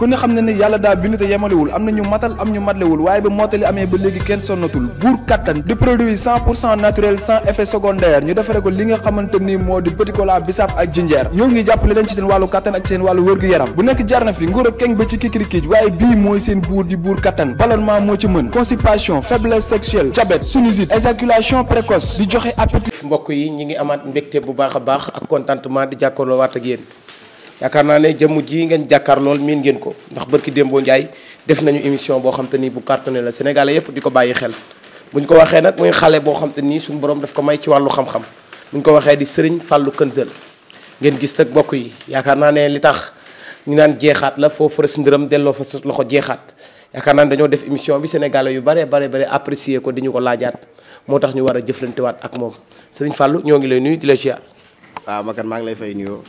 ku ne xam na ne yàlla daal bind te yemalewul am na ñu matal am ñu matlewul waaye ba mottali amee ba léegi kenn sonnatul buur kattan di produit cent pour cent naturel sans effet secondaire ñu defare ko li nga xamante ni moo di petit cola bisaab ak jinjeer ñoo ngi jàppale leen ci seen wàllu kattan ak seen wàllu wërgu yaram bu nekk jarna fi nguur ak keng ba ci kikirikiij waaye bii mooy seen buur di buur kattan ballonnement moo ci mën constipation faiblesse sexuelle diabète sinusite éjaculation précoce di joxe appétit mbokk yi ñi ngi amaat mbégte bu baax a baax ak contentement di jàkkaarloo waat yaakaar naa ne jëmm ji ngeen jàkkaar lool miin ngeen ko ndax bërki démboo Ndiaye def nañu émission boo xam te ni bu cartonné la Sénégalais yëpp di ko bàyyi xel ñu ko waxee nag muy xale boo xam te nii suñu borom daf ko may ci wàllu xam-xam buñ ko waxee di sëriñ fàllu Kënzel ngeen gis nag mbokk yi yaakaar naa ne li tax ñu naan jeexaat la foofu res ndërëm delloo fa sa loxo jeexaat yaakaar naa ne dañoo def émission bi sénégalais yu bare bare bare apprécier ko di ko laajaat moo tax ñu war a jëflantewaat ak moom sëriñ Fallou ñoo ngi lay nuyu di la ziar waaw maa ngi lay fay nuyoo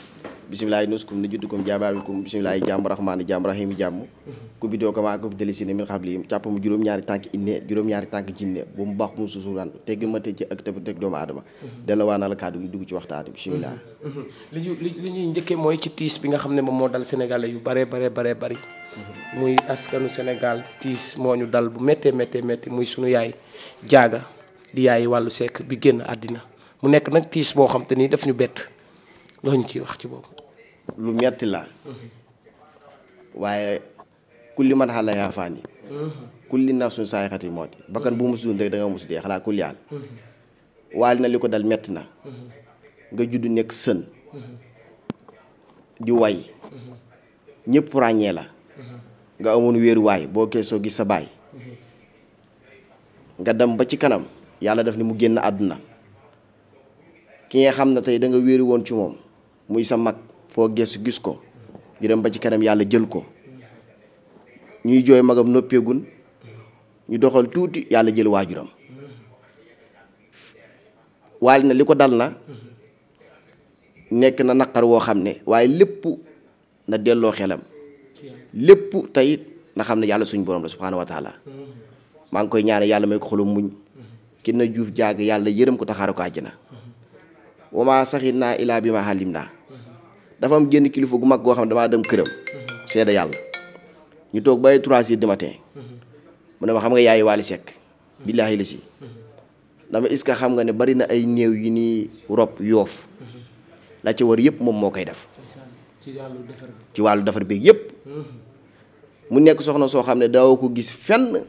bisimilahi nuskum ni juddukum jaababikum bisimilahi jàmm rahmaani jàmm rahimi jàmm ku bi doo ko maa ko deli si ne min xam lii càpp mu juróom-ñaari tànk inne juróom-ñaari tànk jinne bu mu baax bu mu suusuran tegg ma tëj ci ak mhm. la mhm. mhm. li ñuy njëkkee mooy ci tiis bi nga xam ne moom moo dal sénégalais yu bare bare bare bari muy askanu sénégal tiis moo ñu dal bu méttee méttee métti muy sunu yaay jaaga di yaay wàllu sekk bi génn àddina mu nekk nag tiis boo xam te ni daf ñu bett loo ñu ciy wax ci boobu lu metti la waaye kulli man xaala yaa faani kulli nafsun saayxatil mawti bakkan bu musu rek da nga musu dee xalaa kulli yaal waali na li ko dal metti na nga judd nekk sën di way ñëpp ràññee la nga amoon wéeruwaay boo keesoo gis sa baay nga dem ba ci kanam yàlla def ni mu génn àdduna ki nga xam ne tey da nga woon ci moom muy sa mag foo geesu gis ko ñu ba ci kanam yàlla jël ko ñuy jooy magam noppeegun ñu doxal tuuti yàlla jël waajuram waali na li ko dal na nekk na naqar woo xam ne waaye lépp na delloo xelam lépp tayit na xam ne yàlla suñ borom la subhaanahu wa maa ngi koy ñaane yàlla may ko xolu muñ ki na juuf jaag yàlla yërëm ko taxaaru ko àjjana wa maa saxit naa ilaa bi ma xalim naa dafa am génn kilifa gu mag goo xam ne damaa dem këram. seede yàlla ñu toog ba ay trois heures mu ne ma xam nga yaay Waly Seck. billaahi la si. dama est-ce que xam nga ne bari na ay néew yu ni rob yoof la ci war yëpp moom moo koy def. ci wàllu defar beeg yëpp. mu nekk soxna soo xam ne daawoo ko gis fenn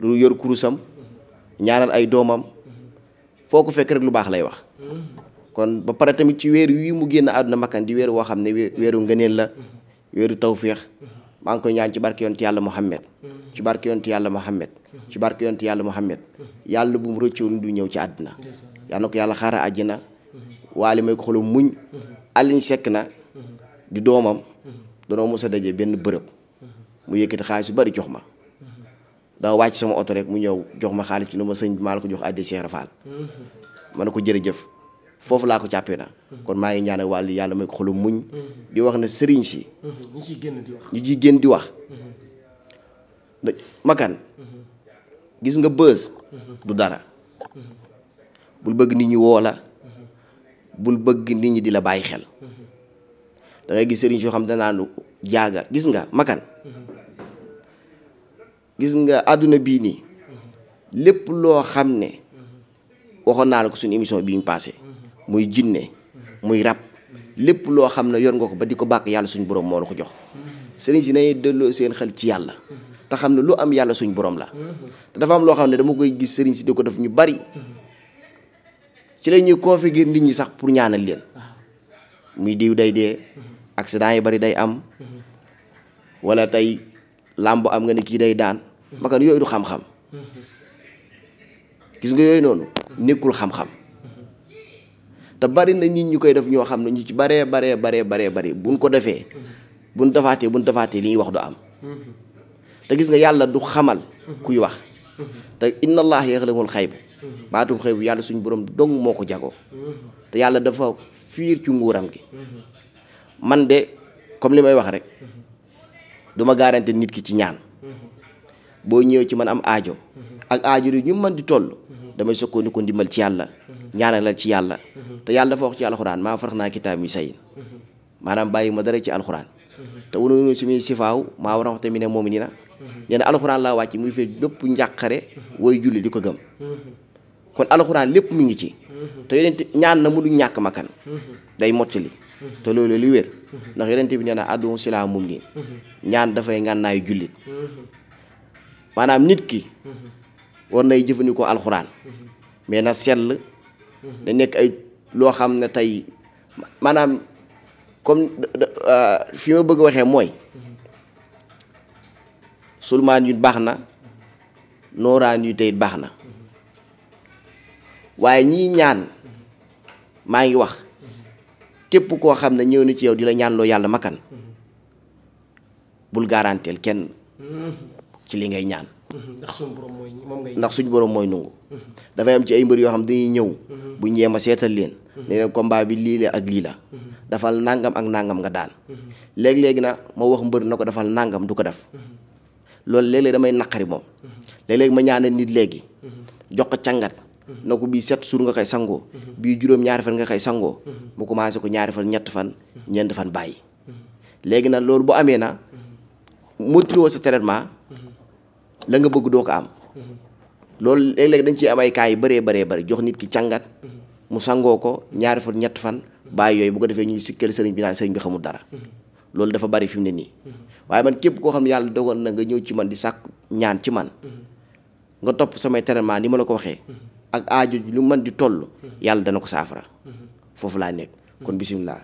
lu yor kurusam ñaanal ay doomam foo ko fekk rek lu baax lay wax. kon ba pare tamit ci weer wi mu génn àdduna makkan di weer woo xam ne weeru ngëneel la weeru tawféex maa ngi koy ñaan ci barke yonent yàlla Muhammad ci barke yonent yàlla Muhammad ci barke yonent yàlla Muhammad yàlla bu mu rëccoon du ñëw ci àdduna yal na ko yàlla xaara àjjana waale may ko xolu muñ Aliñ Seck na di doomam danoo mos a daje benn bërëb mu yëkkati xaalis yu bari jox ma dama wàcc sama oto rek mu ñëw jox ma xaalis ci nu ma sëñ bi maa la ko jox addi Cheikh Fall ma ne ko foofu laa ko jàppee na mm-hmm. kon maa ngi ñaanal wàll yàlla may ko xolu muñ mm-hmm. di wax ne sëriñ si mm-hmm. ñi ciy génn di wax makan gis nga bës du dara bul bëgg nit ñi woo la bul bëgg nit ñi di la bàyyi xel da ngay gis sëriñ soo xam danaan jaaga gis nga makan gis nga àdduna bii nii lépp loo xam ne waxoon naa la ko suñu émission bi ñu muy jinne muy rab lépp loo xam ne yor nga ko ba di ko bàkk yàlla suñ borom moo la ko jox sëriñ si nañuy delloo seen xel ci yàlla te xam ne lu am yàlla suñ boroom la te dafa am loo xam ne dama koy gis sëriñ si di ko def ñu bari ci la ñuy configurer nit ñi sax pour ñaanal leen muy diw day dee accident yi bari day am wala tey làmb am nga ne kii day daan bakkan yooyu du xam-xam gis nga yooyu noonu nekkul xam-xam te bari na nit ñu koy def ñoo xam ne ñu ci baree baree baree baree bari ko defee buñ defaatee buñ defaatee li ñuy wax du am te gis nga yàlla du xamal kuy wax te inna allah yaxlamul xayb baatum xëy bu yàlla suñu borom dong moo ko jagoo te yàlla dafa fiir ci nguuram gi man de comme li may wax rek du ma garanti nit ki ci ñaan boo ñëwee ci man am aajo ak aajo yi ñu mën di toll damay sokkoo ko ndimbal ci yàlla ñaanalal ci yàlla mhm. te yàlla dafa wax ci alxuraan maa farax naa kitaab mi sayin mhm. maanaam bàyyi ma dara ci alxuraan mhm. te wununu su muy sifaaw maa war a wax tamit ne moom ni na nee na alxuraan laa wàcc muy fee bépp njàqare woy julli di ko gëm kon alxuraan lépp mu ngi ci te yonent ñaan na mu du ñàkk makkan day mottali te loolu li wér ndax yonent bi nee na àdduna silaa nii ñaan dafay ngànnaayu jullit maanaam nit ki war nay jëfandikoo alxuraan mais na sell da nekk ay loo xam ne tey maanaam comme euh, fi ma bëgg waxee mooy sulmaan yu baax na nooraan yu tey baax na waaye ñii ñaan maa ngi wax képp koo xam ne ñëw na ci yow di la ñaanloo yàlla makan bul garanteel kenn ci li ngay ñaan ndax suñ borom mooy nungu dafay am ci ay mbër yoo xam dañuy ñëw bu ñeema seetal leen mhm. ne leen combat bi lii la ak lii la mhm. dafal nangam ak nangam nga daan mhm. léeg-léegi na ma wax mbër na ko dafal nangam du ko def loolu léeg-léeg damay naqari moom léeg-léeg ma ñaanal nit léegi jox ko càngat na ko bii set suur nga koy sangoo bii juróom ñaari fan nga koy sangoo mu commencé ko ñaari fan ñett fan ñeent fan bàyyi léegi na loolu bu amee na motuwoo sa ma la nga bëgg doo ko am loolu léeg-léeg dañ ci am ay cas yu bëree bëree bëri jox nit ki càngat mu sangoo ko ñaari fan ñett fan bàyyi yooyu bu ko defee ñuy sikkal sëriñ bi naan sëriñ bi xamul loolu dafa bari fi mu ne nii waaye man képp koo xam ne yàlla dogal na nga ñëw ci di sàkk ñaan ci man nga topp samay traitement ni ma la ko waxee ak lu mën di toll yàlla dana ko saafara foofu laa nekk kon bisimilah.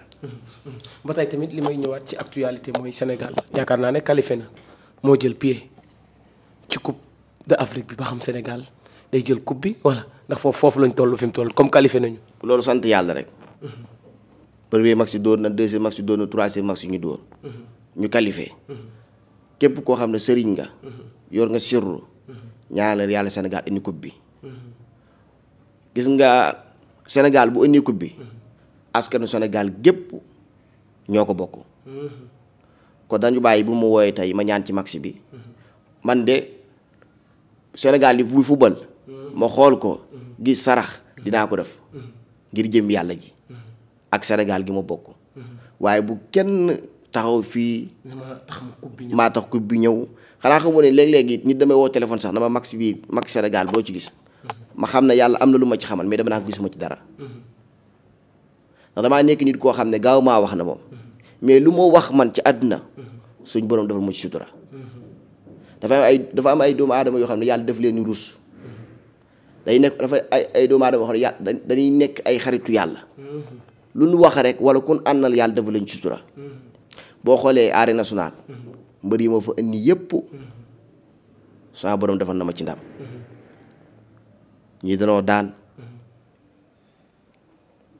ba tey tamit li may ñëwaat ci actualité mooy Sénégal yaakaar naa ne qualifié na moo jël pied ci coupe de Afrique bi ba xam Sénégal day jël coupe bi wala ndax foofu foofu lañ toll fi mu toll comme qualifié nañu. loolu sant yàlla rek. Mhm. premier match dóor na deuxième match dóor na troisième match ñu dóor. Mhm. ñu qualifié. Mhm. képp koo xam ne sëriñ nga. yor nga sirru. ñaanal yàlla Sénégal indi coupe bi. gis nga Sénégal bu indi coupe bi. askanu Sénégal gépp ñoo ko bokk. kon dañu bàyyi bu mu wooyee tey ma ñaan ci maxi bi. man de senegal di buy fubal mm-hmm. ma xool ko mm-hmm. gis sarax dinaa mm-hmm. ko def ngir jëm yàlla ji ak Sénégal gi ma bokk waaye bu kenn taxaw fii maa tax coupe bi ñëw xanaa xamu ne léeg-léegi nit damay woo téléphone sax dama max bi max Sénégal boo ci gis ma xam ne yàlla am na lu ma ci xamal mais dama naa gisuma ci dara nekk nit koo xam ne gaaw maa wax na moom mais lu ma wax man ci àddina suñ borom dafa ma ci sutura dafa am ay dafa am ay doomu aadama yoo xam ne yàlla daf leen di nekk dafa ay ay doomu aadama yoo dañuy nekk ay xaritu yàlla lu nu wax rek wala kun ànnal yàlla dafa lañ sutura boo xoolee arène nationale mbër yi ma fa indi yëpp sama borom dafa na ma ci ndam ñii danoo daan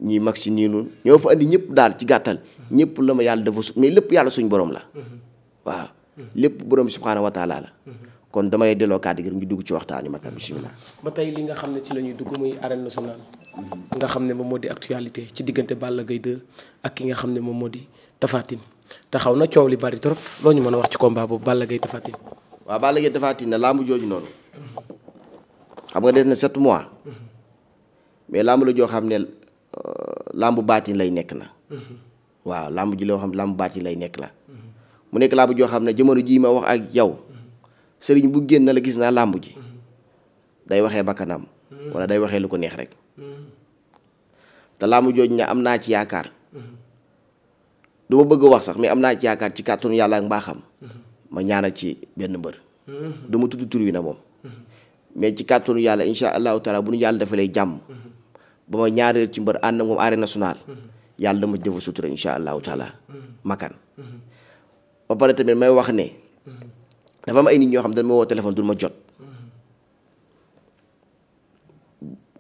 ñii mag si nii noonu ñoo fa indi ñëpp daal ci gàttal ñëpp la ma yàlla dafa mais lépp yàlla suñ borom la lépp borom bi subhaanahu wa taala la kon dama lay delloo kàddu gi ñu dugg ci waxtaan wi Makka bisimilah. ba tey li nga xam ne ci la dugg muy arène nationale. nga xam ne moom moo di actualité ci diggante Balla gay 2 ak ki nga xam ne moom moo di Tapha Tine xaw na coow li bari trop loo ñu mën a wax ci combat boobu Balla Gaye Tapha Tine. waaw Balla Gaye Tapha Tine na làmb jooju noonu. xam nga des na sept mois. mais làmb la joo xam ne euh, lamb baatin lay nekk na. Mhm. waaw làmb ji loo xam làmb baatin lay nekk la. Mhm. mu nekk làmb joo xam ne jamono ji ma wax ak yow sëriñ bu génn la gis naa làmb ji day waxee bakkanam wala day waxe lu ko neex rek te làmb jooj na am naa ci yaakaar du ma bëgg wax sax mais am naa ci yaakaar ci kàttanu yàlla ak mbaaxam ma ñaanal ci benn mbër du ma tudd tur wi na moom mais ci kàttanu yàlla incha allahu taala bu nu yàlla defalee jàmm ba ma ñaareel ci mbër ànd moom arène nationale yàlla dama jëfa sutura incha allahu taala makan ba pare tamit may wax ne dafa am ay nit ñoo xam dañ ma woo téléphone du ma jot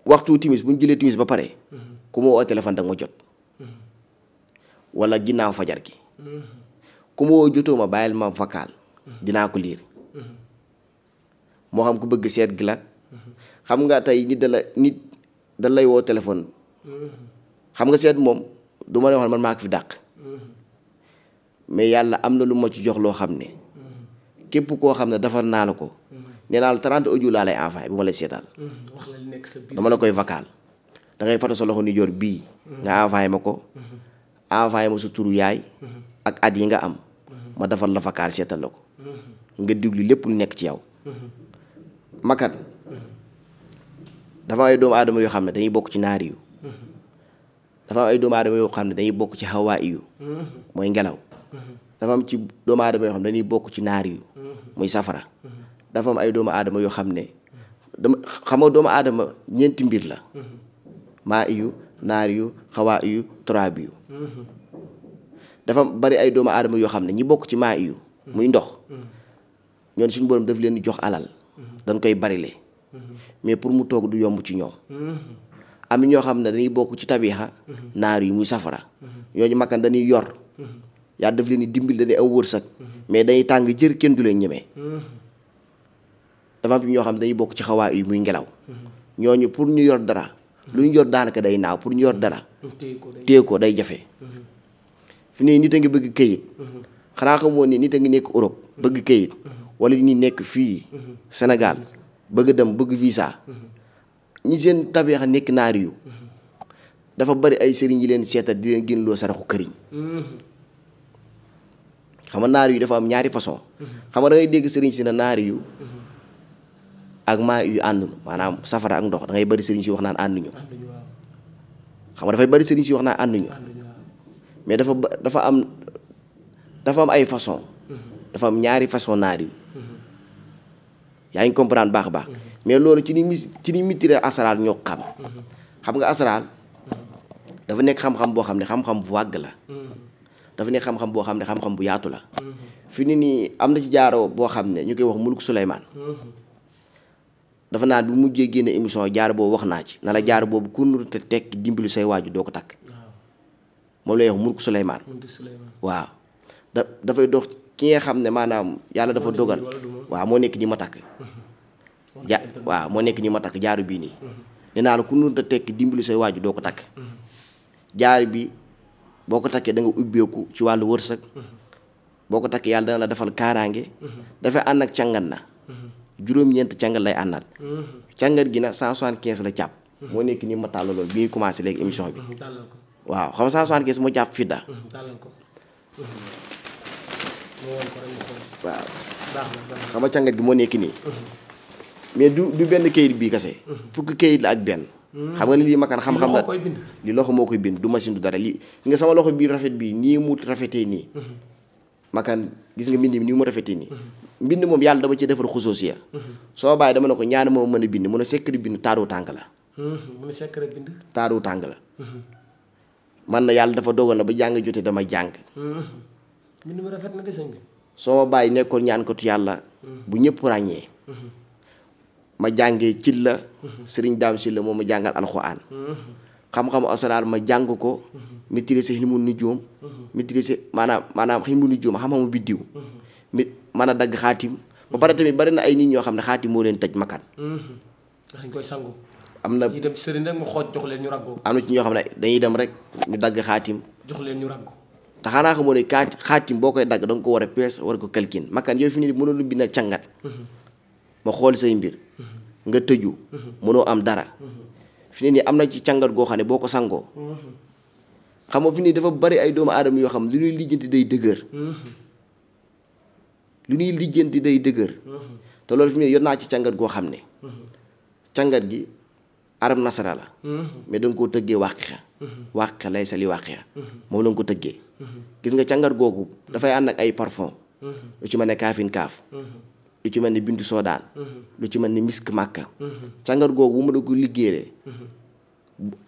waxtu timis bu ñu jëlee timis ba pare ku ma woo téléphone da ma jot wala ginnaaw fajar gi ku ma woo jotoo ma bàyyil ma vocal dinaa ko liir moo xam ku bëgg seet gi la xam nga tey nit da lay woo téléphone xam nga seet moom du ma ne wax man maa ko fi dàq mais yàlla am na lu ma ci jox loo xam ne képp koo xam ne defar naa la ko nee naa la 30 audio laa lay envoyé bu ma lay seetal dama la koy vocal da ngay fata sa loxo ni joor bii nga envoyé ma ko envoyé ma sa turu yaay ak at yi nga am ma defar la vocal seetal la ko nga diglu lépp lu nekk ci yow makat dafa am ay doomu aadama yoo xam ne dañuy bokk ci naari yu dafa am ay doomu aadama yoo bokk ci hawaa yu mooy ngelaw dafa am ci doomu aadama yoo xam dañuy bokk ci naar yu muy safara dafa ay doomu aadama yoo xam ne dama xam nga doomu aadama ñeenti mbir la maa iyu naar yu xawaa iyu turaab yu dafa bari ay doomu adama yoo xam ne ñi bokk ci maa iyu muy ndox ñoon suñu borom daf leen jox alal dañ koy barile mais pour mu toog du yomb ci ñoom am ñoo xam ne dañuy bokk ci tabixa uhuh. naar yu muy safara ñooñu makkan dañuy yor yaa daf leen di dimbil da di aw wërsëg mais day tàng jër kenn du leen ñemee dafa am ñoo xam day bokk ci xawaa yi muy ngelaw ñooñu pour ñu yor dara lu ñu yor daanaka day naaw pour ñu yor dara téye ko day jafe fi ne nit a ngi bëgg kayit uhuh. xanaa xamoo ni nit a ngi nekk Europe bëgg uhuh. kayit uhuh. wala ñu nekk fii Sénégal bëgg dem bëgg visa ñi seen tabeexa nekk naari yu dafa bari ay sëriñ yi leen seetal di leen génn loo saraxu këriñ xam nga naar yu dafa am ñaari façon mhm. xam nga da ngay dégg sëriñ si na naar yu mhm. ak maa yu ànduñu maanaam safara ak ndox da bari sëriñ si wax naan ànduñu xam nga dafay bëri sëriñ si wax naan ànduñu mais dafa dafa am dafa am ay façon mhm. dafa am ñaari façon naar yu yaa ngi comprendre baax baax mais loolu ci ni mis ci ni mitire asaraal ñoo xam xam nga asaraal dafa nekk xam-xam boo xam ne xam-xam bu wàgg la dafa nekk xam-xam boo xam ne xam-xam bu yaatu la mm-hmm. fi ni nii am na ci jaaro boo xam ne ñu koy wax muluk Souleymane mm-hmm. dafa naan bi mujjee génne émission jaar boobu wax naa ci na la jaaro boobu ku nuru te tekk dimbali say waaju doo ko takk moom lay wax muluk Souleymane waaw da dafay dox ki nga xam ne maanaam yàlla dafa dogal waaw moo nekk ñi ma takk ja waaw moo nekk ñi ma takk jaaru bii nii mm-hmm. nee naa ku tekk dimbali say waaju doo ko takk jaar bi boo ko takkee da nga ubbeeku ci wàllu wërsëg boo ko takkee yàlla dana la defal kaaraange dafay ànd ak càngat na juróom-ñeent càngat lay àndal càngat gi na cent soixante-quinze la càpp moo nekk nii ma tàllaloon bi ñuy commencé léegi émission bi waaw xam nga cent soixante-quinze jàpp fidda waaw xam nga càngat gi moo nekk nii mhm. mais du benn kayit bi kese mhm. fukki kayit la ak benn Hmm. xam nga ne lii makaan xam-xam la li loxo moo koy bind du machine du dara li nga sama loxo bii rafet bii nii mu rafetee nii hmm. makaan gis nga mbind mi nii mu rafetee nii hmm. mbind moom yàlla dama ci defar xusoosiya soo bàyyi dama ne ko ñaan moom mën a bind mun a sekkri bind taaru tànk la mun taaru tànk la na yàlla dafa dogal ba jàng jotee dama jàng mbind soo ma bàyyi nekkoon ñaan ko tu yàlla bu ñépp ràññee ma jàngee ci la mhm. sëriñ daam si la moom ma jàngal alxuraan mhm. xam-xamu asraar ma jàng ko mhm. maîtriser xilmu nujuum maîtriser maanaam maanaam xilmu nujuum xam-xamu biddiw mi mën a dagg xaatim ba pare tamit bari na ay nit ñoo xam ne xaatim moo leen tëj makan dañ koy sangu na ñuy dem rek mu xooj jox leen ñu raggoo am na ñoo xam ne dañuy dem rek ñu dagg xaatim jox leen ñu raggu te xanaa xamoo ne kaat xaatim boo koy dagg da ko war a pees war ko kalkin makan yooyu fi ne mënul lu bindal càngat ma xool say mbir nga tëju. Mhm. mënoo am dara. Mhm. fi ne nii am na ci càngat goo xam ne boo ko sangoo. Mhm. xam nga fi nii dafa bari ay doomu adama yoo xam ne lu ñuy lijjanti day dëgër. lu ñuy lijjanti day dëgër. te loolu fi mu ne naa ci càngat goo xam ne. càngat gi arab nasara la. mais da nga koo tëggee wàqiya. wàqiya lay sali wàqiya. moom la ko tëggee. gis nga càngat googu dafay ànd ak ay parfum. lu ci mën a kaafin kaaf. lu ci mel ni bintu soodaan mm-hmm. lu ci mel ni misk màkka sangar mm-hmm. googu bu ma da ko liggéeyee mm-hmm.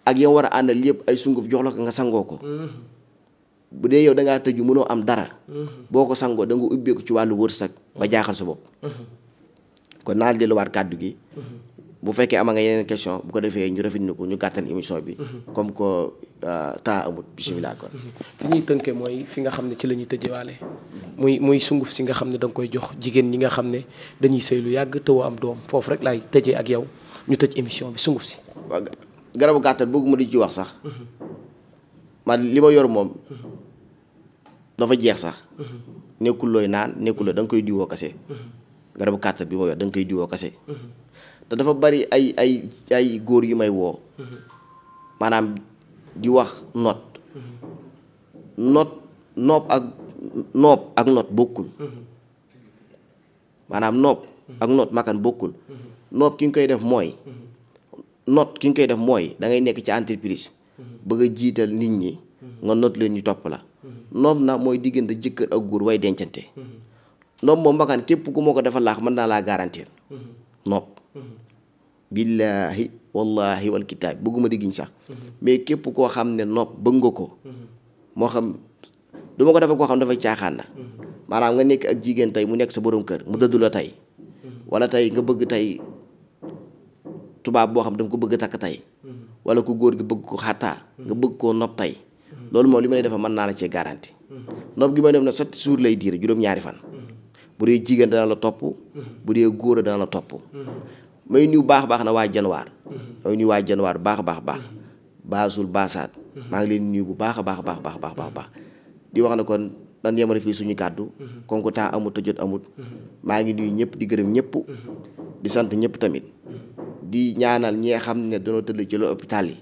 ak yow war a àndal yëpp ay sunguf jox la ko nga sangoo ko bu dee yow da ngaa tëju mënoo am dara boo ko sangoo da nga ubbeeku ci wàllu wërsëg ba jaaxal sa bopp kon naa delluwaat kàddu gi bu fekkee ama nga yeneen question bu ko defee ñu rafetlu ko ñu gàttal émission bi comme que euh, temps amut bisimilah kon fi ñuy tënkee mooy fi nga xam ne ci la tëjewaale muy muy sunguf si nga xam ne da nga koy jox jigéen ñi nga xam ne dañuy sëy lu yàgg tëw am doom foofu rek laay tëjee ak yow ñu tëj émission bi sunguf si. waaw garabu gàttal bëgguma di ci wax sax. man li ma yor moom. dafa jeex sax. nekkul looy naan nekkul da nga koy diwoo kase. garabu bi ma yor da nga koy diwoo kase. te dafa bari ay ay ay góor yu may woo. maanaam di wax noot. noot nopp ak. noob ak noot bokkul maanaam noob ak noot makan bokkul noob ki nga koy def mooy noot ki nga koy def mooy dangay nekk ci entreprise bëgg jiital nit ñi nga noot leen ñu topp la noob na mooy diggante jëkkër ak góor way dencante noob moom makan képp ku moo ko dafa laax mën naa laa garantir noob billaahi wallaahi wal kitaab bëgguma diggiñ sax uhuh. mais képp koo xam ne noob bëgg nga ko uhuh. moo xam du ma ko defal koo xam dafay caaxaan la mm-hmm. maanaam nga nekk ak jigéen tey mu nekk sa borom kër mu dëddu la tey mm-hmm. wala tey nga bëgg tey tubaab boo xam danga ko bëgg takk tey mm-hmm. wala ku góor gi bëgg ko xattaa nga bëgg koo nopp tey loolu moom li ma lay defal mën naa la cee garanti nopp gi may def na sept jours lay diir juróom-ñaari fan bu dee jigéen dana la topp bu dee góor dana la topp may nuyu baax baax na waa janwaar may nuyu waa janwaar baax baax baax baasul baasaat maa ngi leen nuyu bu baax a baax baax baax baax baax di wax na ko dan yemale fii suñu kàddu kon mhm. ko temps amut te jot amut mhm. maa ngi nuyu ñëpp di gërëm ñëpp mhm. di sant ñëpp tamit di ñaanal ñi xam ne dañoo tëdd ci l'hôpital yi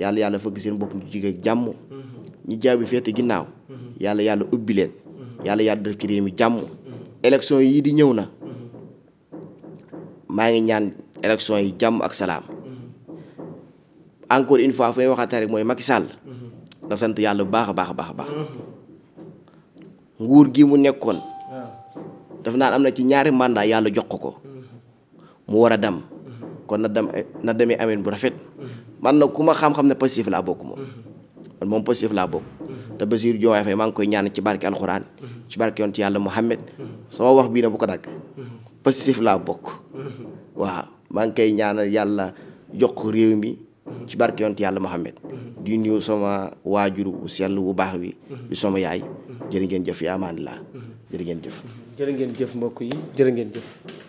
yàlla yàlla fëgg seen bopp ñu jigéen jàmm ñi jaaw bi feete ginnaaw ubbi leen yàlla yàlla def ci réew jàmm élection yii di ñëw na maa ngi ñaan élection yi jàmm ak salaam encore une fois fay waxaat rek mooy Macky Sall sant yàlla baax baax baax baax nguur gi mu nekkoon dafa naan am na ci ñaari mandat yàlla jox ko ko mm-hmm. mu war a dem mm-hmm. kon na dem na demee amin bu rafet mm-hmm. man na ku ma xam-xam ne Pastef laa bokk moom moom Pastef laa bokk te Bassirou Diomaye Faye maa ngi koy ñaan ci barke alxuraan ci barke yonent yàlla Muhammad wax bii bu ko dagg Pastef laa bokk waaw maa ngi koy ñaanal yàlla jox ko réew mi ci barke yonent yàlla Muhammad di nuyu sama waajur wu sell wu baax wi di sama yaay jërë ngeen jëf yaa maan laa mm-hmm. jërë ngeen jëf mm-hmm. jërë ngeen jëf mbokk yi jërë ngeen jëf